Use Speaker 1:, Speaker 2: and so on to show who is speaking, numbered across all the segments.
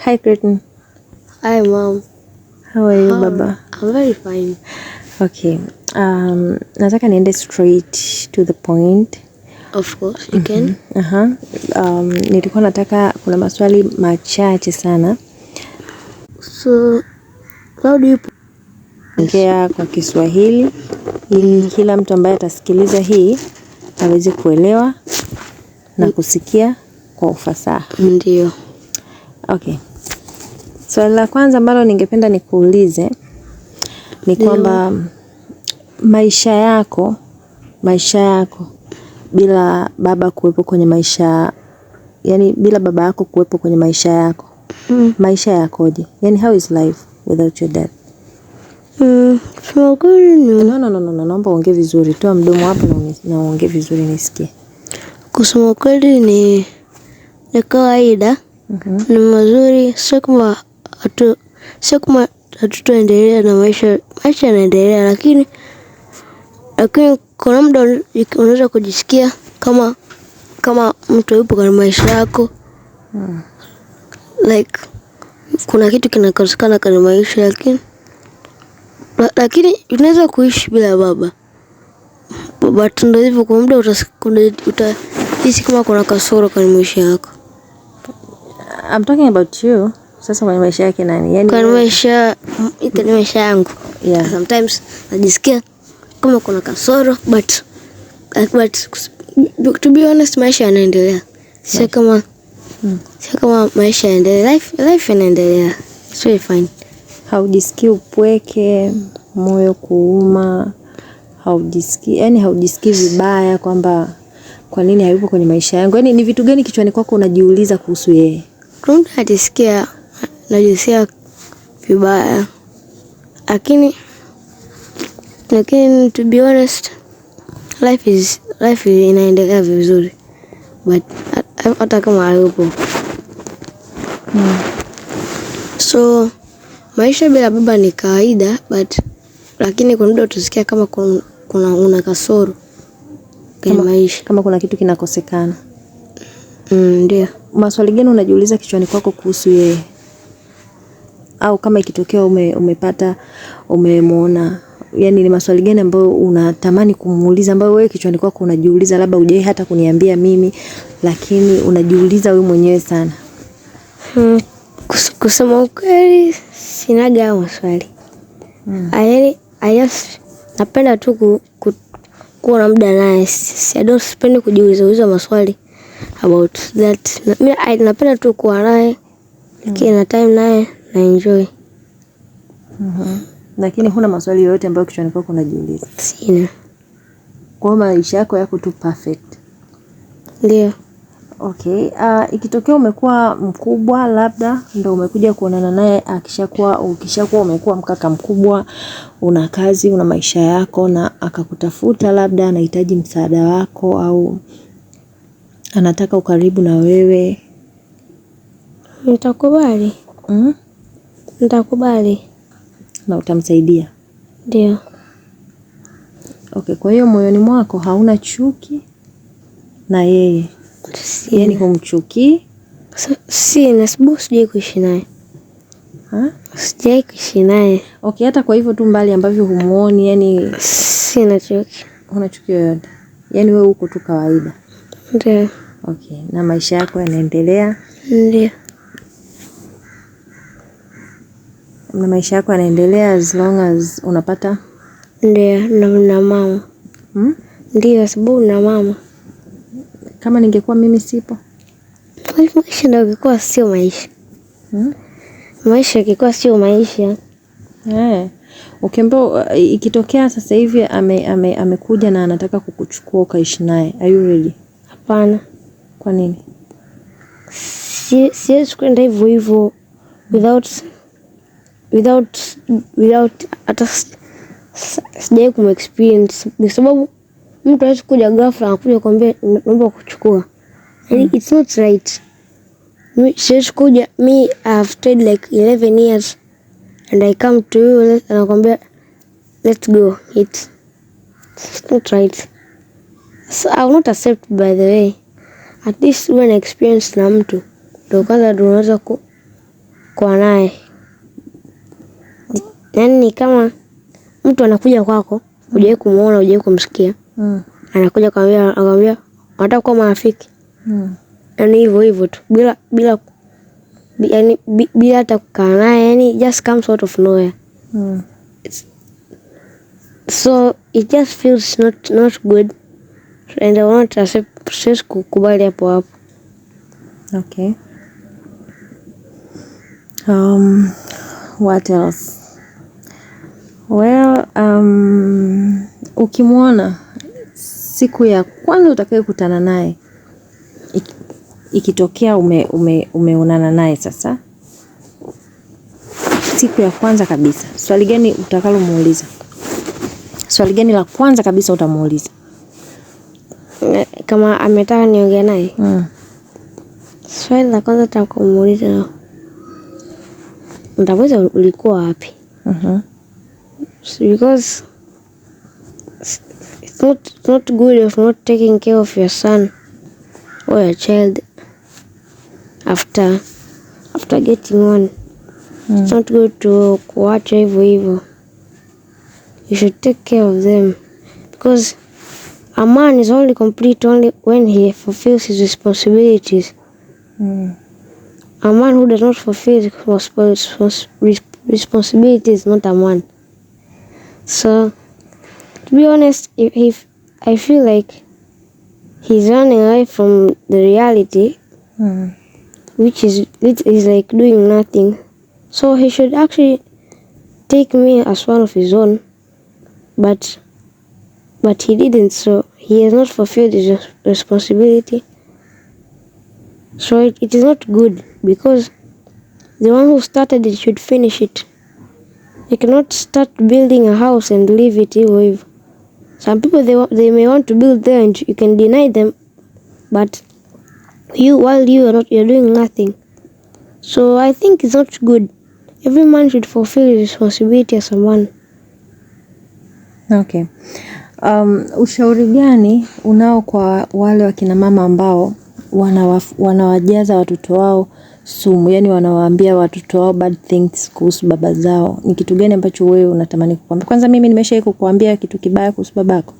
Speaker 1: Hi, Clayton. Hi, mom. How are you, um, baba?
Speaker 2: I'm very fine.
Speaker 1: Okay. Um, nataka niende straight to the point.
Speaker 2: Of course, you can. Mm
Speaker 1: -hmm. Uh-huh. Um, nilikuwa nataka kuna maswali machache sana.
Speaker 2: So, how do you
Speaker 1: ongea kwa Kiswahili ili kila mtu ambaye atasikiliza hii aweze kuelewa na kusikia kwa ufasaha. Ndio. Okay. Swali la kwanza ambalo ningependa nikuulize ni kwamba maisha yako, maisha yako bila baba kuwepo kwenye maisha, yani bila baba yako kuwepo kwenye maisha yako. Mm. Maisha yakoje? Yani how is life without your dad?
Speaker 2: Mm. No,
Speaker 1: no, no, no, naomba uongee vizuri. Toa mdomo hapo na uongee vizuri nisikie.
Speaker 2: Kusema kweli ni ni kawaida. Mm -hmm. Ni mazuri, sio kama hatu sio kama hatutaendelea na maisha, maisha yanaendelea, lakini lakini kuna muda unaweza kujisikia kama kama mtu yupo kwenye maisha yako hmm. like kuna kitu kinakosekana kwenye maisha lakini lakini unaweza kuishi bila baba but ndio hivyo, kwa muda utahisi kama kuna kasoro kwenye maisha yako.
Speaker 1: I'm talking about you sasa kwenye maisha yake nani? Yani
Speaker 2: kwenye maisha iko ni maisha yangu. Yeah. Sometimes najisikia kama kuna kasoro but but to be honest maisha yanaendelea. Sio kama hmm. Sio kama maisha yanaendelea. Life life inaendelea. It's So fine.
Speaker 1: Haujisikii upweke, moyo kuuma, haujisikii yani haujisikii vibaya kwamba kwa nini hayupo kwenye maisha yangu? Yani ni vitu gani kichwani kwako unajiuliza kuhusu yeye?
Speaker 2: Najisikia najisikia vibaya, lakini lakini to be honest life is life inaendelea vizuri, but hata kama hayupo hmm. So maisha bila baba ni kawaida but, lakini kuna muda utasikia kama kuna, una kasoro kwenye maisha
Speaker 1: kama kuna kitu kinakosekana mm, ndio maswali gani unajiuliza kichwani kwako kuhusu yeye? au kama ikitokea ume, umepata umemwona, yani ni maswali gani ambayo unatamani kumuuliza, ambayo wewe kichwani kwako unajiuliza, labda hujai hata kuniambia mimi, lakini unajiuliza wewe mwenyewe sana?
Speaker 2: Hmm, kusema ukweli sinaga hayo maswali hmm. Ah, I, napenda tu ku, ku, kuwa na muda naye. I don't sipendi kujiuliza uliza maswali about that. I, napenda tu kuwa naye hmm. Kina time naye na enjoy.
Speaker 1: Mm -hmm. Lakini huna maswali yoyote ambayo kichwani kwako unajiuliza? Sina. Kwa maisha yako yako tu perfect. Ndio. Okay. Uh, ikitokea umekuwa mkubwa labda ndo umekuja kuonana naye akishakuwa ukishakuwa umekuwa mkaka mkubwa, una kazi, una maisha yako na akakutafuta labda anahitaji msaada wako au anataka ukaribu na wewe.
Speaker 2: Nitakubali. Mm? Nitakubali.
Speaker 1: Na utamsaidia? Ndio. Okay, kwa hiyo moyoni mwako hauna chuki na yeye? yani humchukii?
Speaker 2: Sina, sababu sijai kuishi naye. Sijai kuishi naye.
Speaker 1: Okay, hata kwa hivyo tu mbali ambavyo humuoni, yani
Speaker 2: sina chuki.
Speaker 1: una chuki yoyote? Yaani wewe uko tu kawaida? Ndio. Okay, na maisha yako yanaendelea? Ndio. na maisha yako yanaendelea as long as unapata
Speaker 2: ndio na mama hmm? Ndio sababu na mama,
Speaker 1: kama ningekuwa mimi sipo,
Speaker 2: maisha ndio ingekuwa sio maisha hmm? Maisha ingekuwa sio maisha
Speaker 1: yeah. Ukiambia uh, ikitokea sasa hivi amekuja ame, ame na anataka kukuchukua ukaishi naye, are you ready? Hapana. Kwa nini?
Speaker 2: Siwezi kwenda hivyo hivyo without without without hata sijawahi kum experience kwa sababu mtu hawezi kuja ghafla anakuja kwambia naomba kuchukua. Yani mm. it's not right. Siwezi kuja me I have stayed like 11 years and I come to you anakwambia let's go. It's, it's not right. So I will not accept by the way. At least uwe na experience na mtu ndio kwanza tunaweza kuwa naye yani ni kama mtu anakuja kwako, hujawahi kumuona, hujawahi kumsikia mm. anakuja kwambia, akamwambia anataka kuwa marafiki mm. yani hivyo hivyo tu bila bila yani bila hata kukaa naye, yani just comes out of nowhere mm. so it just feels not not good and I want to accept, kukubali hapo hapo.
Speaker 1: Okay. Um, what else? Well, um, ukimuona siku ya kwanza utakayo kutana naye, ikitokea umeonana naye sasa, siku ya kwanza kabisa, swali gani utakalo muuliza? Swali gani la kwanza kabisa utamuuliza?
Speaker 2: Eh, kama ametaka niongee naye, mm. swali la kwanza nitakamuuliza, nitamuuliza ulikuwa wapi? Mhm because it's not, it's not good of not taking care of your son or your child after, after getting one. Mm. It's hmm. not good to watch evil evil. You should take care of them because a man is only complete only when he fulfills his responsibilities. Mm. A man who does not fulfill his responsibilities is not a man. So, to be honest, if, if I feel like he's running away from the reality, mm. which is which is like doing nothing. So he should actually take me as one of his own, but but he didn't. So he has not fulfilled his responsibility. So it, it is not good because the one who started it should finish it. You cannot start building a house and leave it hivyo hivyo. Some people they, they may want to build there and you can deny them but you while you are not, you're doing nothing. So I think it's not good. Every man should fulfill his responsibility as a man.
Speaker 1: Okay. Um, ushauri gani unao kwa wale wakina mama ambao wanawajaza watoto wao sumu, yani wanawaambia watoto wao bad things kuhusu baba zao. Ni kitu gani ambacho wewe unatamani kukwambia? Kwanza mimi nimeshawahi kukuambia kitu kibaya kuhusu babako?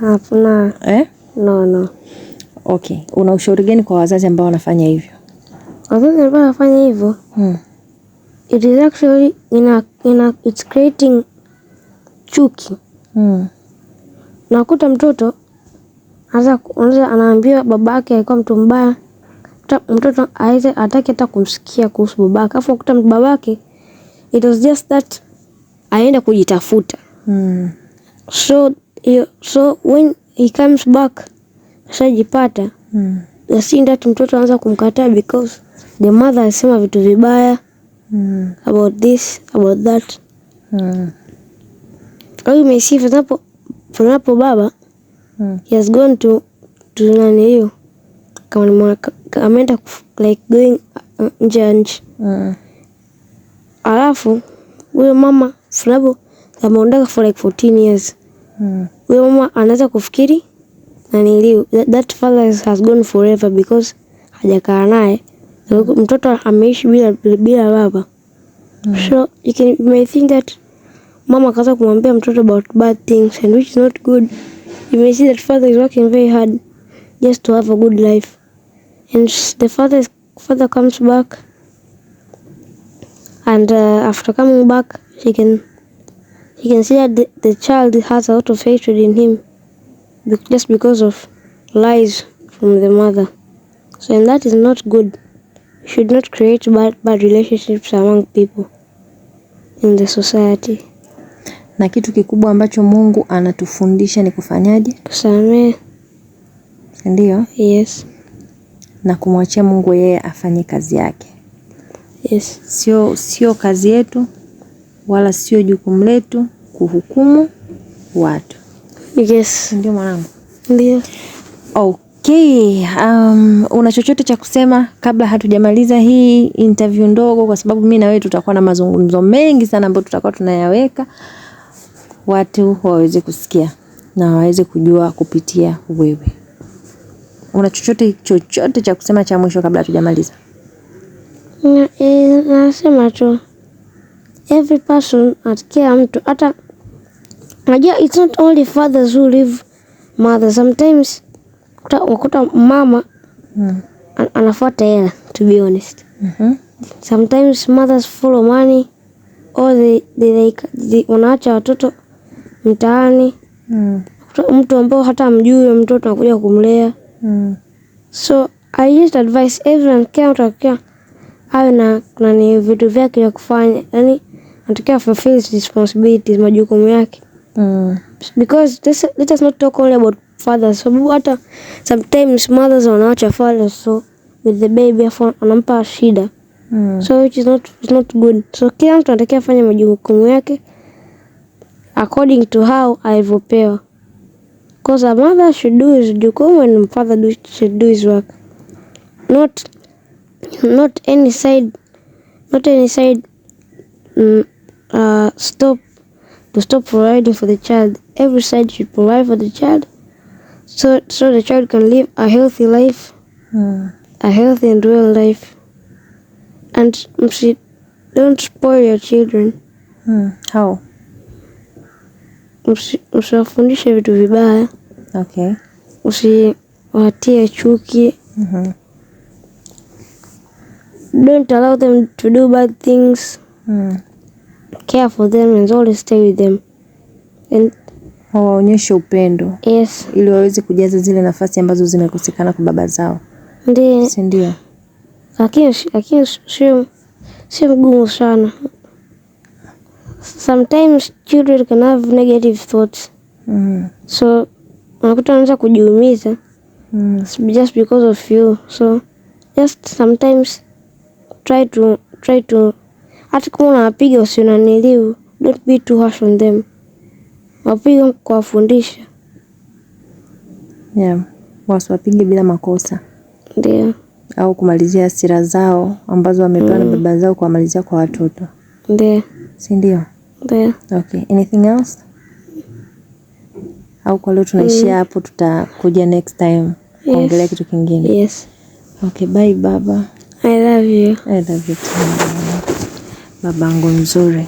Speaker 2: Hapana. Eh? No, no.
Speaker 1: Okay. Una ushauri gani kwa wazazi ambao wanafanya hivyo?
Speaker 2: Wazazi ambao wanafanya hivyo? Hmm. It is actually in a, it's creating chuki. Hmm. Nakuta mtoto anaambiwa babake alikuwa mtu mbaya mtoto aweze atake hata kumsikia kuhusu babake, afu akuta babake it was just that aenda kujitafuta mm. so, so when he comes back ashajipata mm. asindati mtoto anza kumkataa because the mother alisema vitu vibaya mm. about this about that mm. au meisi, baba mm. he has gone to tunani hiyo kama ameenda like going uh, nje ya nchi mm. Alafu huyo mama sababu ameondoka for like 14 years hmm. huyo mm. mama anaweza kufikiri naniliu that, that father has gone forever because hajakaa naye mm. mtoto ameishi bila bila baba mm. so you can you may think that mama akaanza kumwambia mtoto about bad things and which is not good you may see that father is working very hard just to have a good life and the father is, father comes back and uh, after coming back she can she can see that the, the child has a lot of hatred in him just because of lies from the mother so and that is not good you should not create bad, bad relationships among people in the society
Speaker 1: na kitu kikubwa ambacho Mungu anatufundisha ni kufanyaje
Speaker 2: kusamehe ndio yes
Speaker 1: na kumwachia Mungu yeye afanye kazi yake. Yes. Sio, sio kazi yetu wala sio jukumu letu kuhukumu watu. Yes. Ndio mwanangu. Ndio. Okay. Um, una chochote cha kusema kabla hatujamaliza hii interview ndogo, kwa sababu mimi na wewe tutakuwa na mazungumzo mengi sana ambayo tutakuwa tunayaweka watu waweze kusikia na waweze kujua kupitia wewe una chochote chochote cha kusema cha mwisho kabla hatujamaliza?
Speaker 2: Na, e, Nasema tu every person at kila mtu hata najua it's not only fathers who live mother sometimes kuta, unakuta mama hmm. an, anafuata hela to be honest mm -hmm. sometimes mothers follow money or they, they, they, they wanaacha watoto mtaani mm. mtu ambao hata mjui mtoto anakuja kumlea So I just advise everyone, kila mtu akiwa awe na nani vitu vyake vya kufanya, yani anatakiwa fulfill his responsibilities, majukumu yake mm. because this, let us not talk only about fathers, sababu so, hata sometimes mothers wanawacha fathers so with the baby afu anampa shida mm. so which is not, it's not good. So kila mtu anatakiwa afanye majukumu yake according to how alivyopewa. Because a mother should do his jukumu and father do, should do his work. Not, not any side, not any side mm, uh, stop to stop providing for the child. Every side should provide for the child so, so the child can live a healthy life, mm. a healthy and well life. And don't spoil your children.
Speaker 1: Mm. How?
Speaker 2: usiwafundishe usi vitu vibaya okay. Usiwatie chuki mm -hmm. Don't allow them to do bad things mm. Care for them and always stay with them and
Speaker 1: waonyeshe upendo yes. Ili waweze kujaza zile nafasi ambazo zimekosekana kwa baba zao, ndiyo, si ndio?
Speaker 2: Lakini lakini sio sio mgumu sana sometimes children can have negative thoughts mm. so unakuta unaweza kujiumiza mm. just because of you so just sometimes try to try to hata kama unawapiga usinaniliu don't be too harsh on them wapiga kuwafundisha
Speaker 1: yeah. wasiwapige bila makosa ndio au kumalizia hasira zao ambazo wamepewa na mm. baba zao kuwamalizia kwa watoto ndio si ndio? Ndio. Okay. Anything else? Au kwa leo tunaishia mm. hapo, tutakuja next time kuongelea yes, kitu kingine. Yes. Okay, bye baba.
Speaker 2: I love you.
Speaker 1: I love you too. Babangu mzuri.